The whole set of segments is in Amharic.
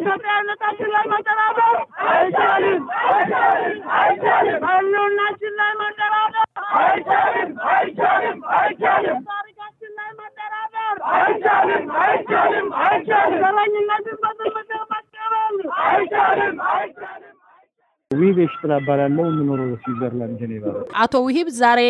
ኢትዮጵያዊነታችን ላይ መንጠባበር አይቻልም አይቻልም። ላይ አይቻልም አይቻልም አይቻልም። ታሪካችን ላይ አይቻልም አይቻልም አይቻልም። ዘረኝነትን መቀበል አይቻልም አይቻልም። እባላለሁ የምኖረው ስዊዘርላንድ አቶ ውሂብ ዛሬ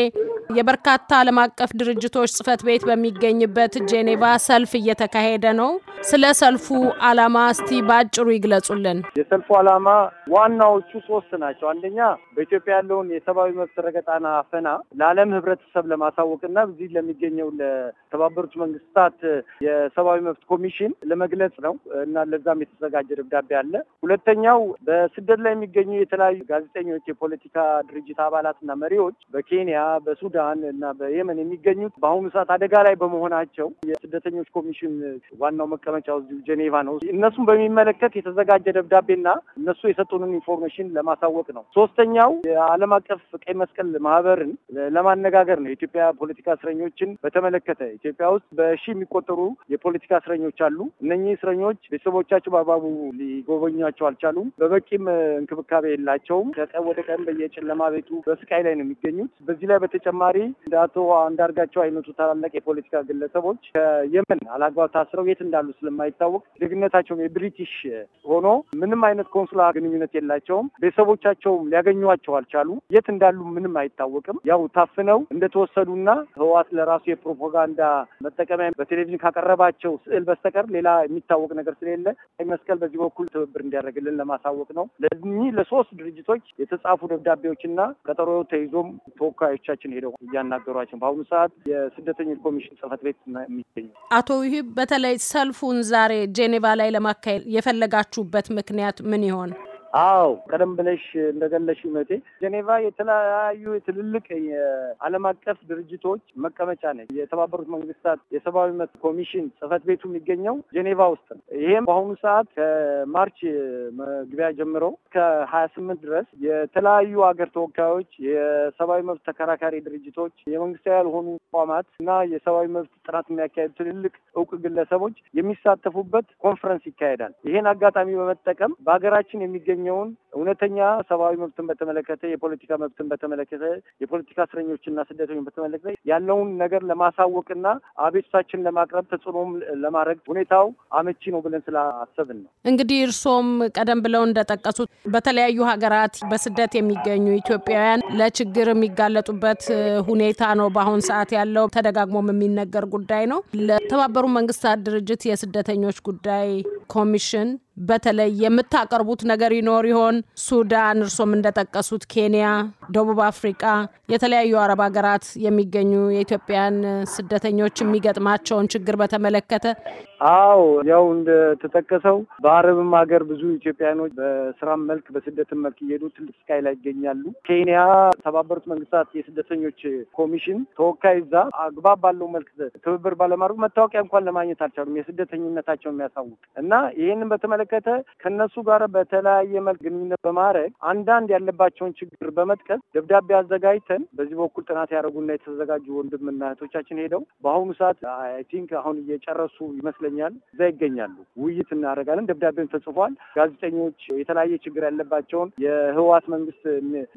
የበርካታ ዓለም አቀፍ ድርጅቶች ጽህፈት ቤት በሚገኝበት ጄኔቫ ሰልፍ እየተካሄደ ነው። ስለ ሰልፉ ዓላማ እስቲ በአጭሩ ይግለጹልን። የሰልፉ ዓላማ ዋናዎቹ ሶስት ናቸው። አንደኛ በኢትዮጵያ ያለውን የሰብአዊ መብት ረገጣና አፈና ለዓለም ህብረተሰብ ለማሳወቅና በዚህ ለሚገኘው ለተባበሩት መንግስታት የሰብአዊ መብት ኮሚሽን ለመግለጽ ነው እና ለዛም የተዘጋጀ ደብዳቤ አለ። ሁለተኛው በስደት ላይ የሚገኙ የተለያዩ ጋዜጠኞች፣ የፖለቲካ ድርጅት አባላትና መሪዎች በኬንያ፣ በሱዳን እና በየመን የሚገኙት በአሁኑ ሰዓት አደጋ ላይ በመሆናቸው የስደተኞች ኮሚሽን ዋናው መከ መቀመጫው እዚሁ ጄኔቫ ነው። እነሱን በሚመለከት የተዘጋጀ ደብዳቤና እነሱ የሰጡንን ኢንፎርሜሽን ለማሳወቅ ነው። ሶስተኛው የዓለም አቀፍ ቀይ መስቀል ማህበርን ለማነጋገር ነው። የኢትዮጵያ ፖለቲካ እስረኞችን በተመለከተ ኢትዮጵያ ውስጥ በሺ የሚቆጠሩ የፖለቲካ እስረኞች አሉ። እነኚህ እስረኞች ቤተሰቦቻቸው በአግባቡ ሊጎበኟቸው አልቻሉም። በበቂም እንክብካቤ የላቸውም። ከቀን ወደ ቀን በየጨለማ ቤቱ በስቃይ ላይ ነው የሚገኙት። በዚህ ላይ በተጨማሪ እንደ አቶ አንዳርጋቸው አይነቱ ታላላቅ የፖለቲካ ግለሰቦች ከየመን አላግባብ ታስረው የት እንዳሉ ስለማይታወቅ ዜግነታቸውም የብሪቲሽ ሆኖ ምንም አይነት ኮንሱላ ግንኙነት የላቸውም። ቤተሰቦቻቸውም ሊያገኟቸው አልቻሉ። የት እንዳሉ ምንም አይታወቅም። ያው ታፍነው እንደተወሰዱና ህወሓት ለራሱ የፕሮፓጋንዳ መጠቀሚያ በቴሌቪዥን ካቀረባቸው ስዕል በስተቀር ሌላ የሚታወቅ ነገር ስለሌለ መስቀል በዚህ በኩል ትብብር እንዲያደርግልን ለማሳወቅ ነው። ለእኚህ ለሶስት ድርጅቶች የተጻፉ ደብዳቤዎችና ቀጠሮ ተይዞም ተወካዮቻችን ሄደው እያናገሯቸው በአሁኑ ሰዓት የስደተኞች ኮሚሽን ጽህፈት ቤት የሚገኘው አቶ ይህ በተለይ ሰልፉ ውይይቱን ዛሬ ጄኔቫ ላይ ለማካሄድ የፈለጋችሁበት ምክንያት ምን ይሆን? አዎ ቀደም ብለሽ እንደገለሽ መቴ ጀኔቫ የተለያዩ ትልልቅ የዓለም አቀፍ ድርጅቶች መቀመጫ ነች። የተባበሩት መንግስታት የሰብአዊ መብት ኮሚሽን ጽህፈት ቤቱ የሚገኘው ጀኔቫ ውስጥ ነው። ይሄም በአሁኑ ሰዓት ከማርች መግቢያ ጀምሮ ከሀያ ስምንት ድረስ የተለያዩ ሀገር ተወካዮች፣ የሰብአዊ መብት ተከራካሪ ድርጅቶች፣ የመንግስታዊ ያልሆኑ ተቋማት እና የሰብአዊ መብት ጥናት የሚያካሄዱ ትልልቅ እውቅ ግለሰቦች የሚሳተፉበት ኮንፈረንስ ይካሄዳል። ይሄን አጋጣሚ በመጠቀም በሀገራችን የሚገ። የተገኘውን እውነተኛ ሰብአዊ መብትን በተመለከተ የፖለቲካ መብትን በተመለከተ የፖለቲካ እስረኞችና ስደተኞች በተመለከተ ያለውን ነገር ለማሳወቅና አቤቱታችን ለማቅረብ ተጽዕኖም ለማድረግ ሁኔታው አመቺ ነው ብለን ስላሰብን ነው። እንግዲህ እርስዎም ቀደም ብለው እንደጠቀሱት በተለያዩ ሀገራት በስደት የሚገኙ ኢትዮጵያውያን ለችግር የሚጋለጡበት ሁኔታ ነው በአሁን ሰዓት ያለው። ተደጋግሞም የሚነገር ጉዳይ ነው። ለተባበሩት መንግስታት ድርጅት የስደተኞች ጉዳይ ኮሚሽን በተለይ የምታቀርቡት ነገር ይኖር ይሆን? ሱዳን፣ እርሶም እንደጠቀሱት ኬንያ፣ ደቡብ አፍሪቃ፣ የተለያዩ አረብ ሀገራት የሚገኙ የኢትዮጵያን ስደተኞች የሚገጥማቸውን ችግር በተመለከተ። አዎ ያው እንደተጠቀሰው በአረብም ሀገር ብዙ ኢትዮጵያኖች በስራም መልክ በስደትም መልክ እየሄዱ ትልቅ ስቃይ ላይ ይገኛሉ። ኬንያ የተባበሩት መንግስታት የስደተኞች ኮሚሽን ተወካይ እዛ አግባብ ባለው መልክ ትብብር ባለማድረጉ መታወቂያ እንኳን ለማግኘት አልቻሉም፣ የስደተኝነታቸውን የሚያሳውቅ እና ይህንን በተመለከተ በተመለከተ ከነሱ ጋር በተለያየ መልክ ግንኙነት በማድረግ አንዳንድ ያለባቸውን ችግር በመጥቀስ ደብዳቤ አዘጋጅተን በዚህ በኩል ጥናት ያደረጉና የተዘጋጁ ወንድምና እህቶቻችን ሄደው በአሁኑ ሰዓት አይ ቲንክ አሁን እየጨረሱ ይመስለኛል፣ እዛ ይገኛሉ። ውይይት እናደርጋለን። ደብዳቤም ተጽፏል። ጋዜጠኞች የተለያየ ችግር ያለባቸውን የህወሓት መንግስት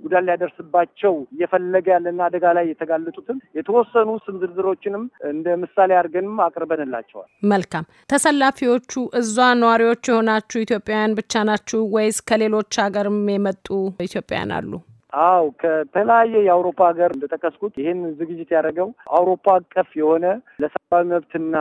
ጉዳት ሊያደርስባቸው እየፈለገ ያለና አደጋ ላይ የተጋለጡትን የተወሰኑ ስም ዝርዝሮችንም እንደ ምሳሌ አድርገንም አቅርበንላቸዋል። መልካም ተሰላፊዎቹ እዟ ነዋሪዎች የሆና ናችሁ ኢትዮጵያውያን ብቻ ናችሁ ወይስ ከሌሎች ሀገርም የመጡ ኢትዮጵያውያን አሉ? አው ከተለያየ የአውሮፓ ሀገር እንደጠቀስኩት ይህን ዝግጅት ያደረገው አውሮፓ አቀፍ የሆነ ለሰብአዊ መብትና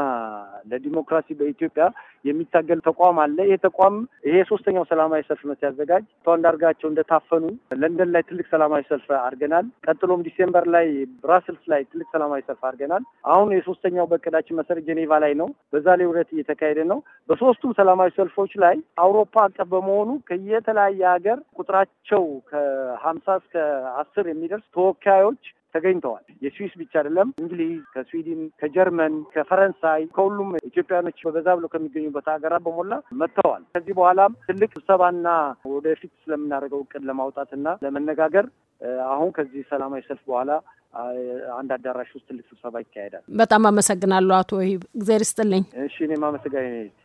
ለዲሞክራሲ በኢትዮጵያ የሚታገል ተቋም አለ። ይሄ ተቋም ይሄ ሶስተኛው ሰላማዊ ሰልፍ ነው ሲያዘጋጅ ቷ አንዳርጋቸው እንደታፈኑ ለንደን ላይ ትልቅ ሰላማዊ ሰልፍ አድርገናል። ቀጥሎም ዲሴምበር ላይ ብራስልስ ላይ ትልቅ ሰላማዊ ሰልፍ አድርገናል። አሁን የሶስተኛው በእቅዳችን መሰረት ጄኔቫ ላይ ነው። በዛ ላይ ውረት እየተካሄደ ነው። በሶስቱም ሰላማዊ ሰልፎች ላይ አውሮፓ አቀፍ በመሆኑ ከየተለያየ ሀገር ቁጥራቸው ከሀምሳ እስከ አስር የሚደርስ ተወካዮች ተገኝተዋል። የስዊስ ብቻ አይደለም፣ እንግሊዝ፣ ከስዊድን፣ ከጀርመን፣ ከፈረንሳይ ከሁሉም ኢትዮጵያኖች በበዛ ብለው ከሚገኙበት ሀገራት በሞላ መጥተዋል። ከዚህ በኋላም ትልቅ ስብሰባና ወደፊት ስለምናደርገው እቅድ ለማውጣትና ለመነጋገር አሁን ከዚህ ሰላማዊ ሰልፍ በኋላ አንድ አዳራሽ ውስጥ ትልቅ ስብሰባ ይካሄዳል። በጣም አመሰግናለሁ አቶ ወሂብ፣ እግዜር ይስጥልኝ። እሺ እኔም አመሰግናለሁ።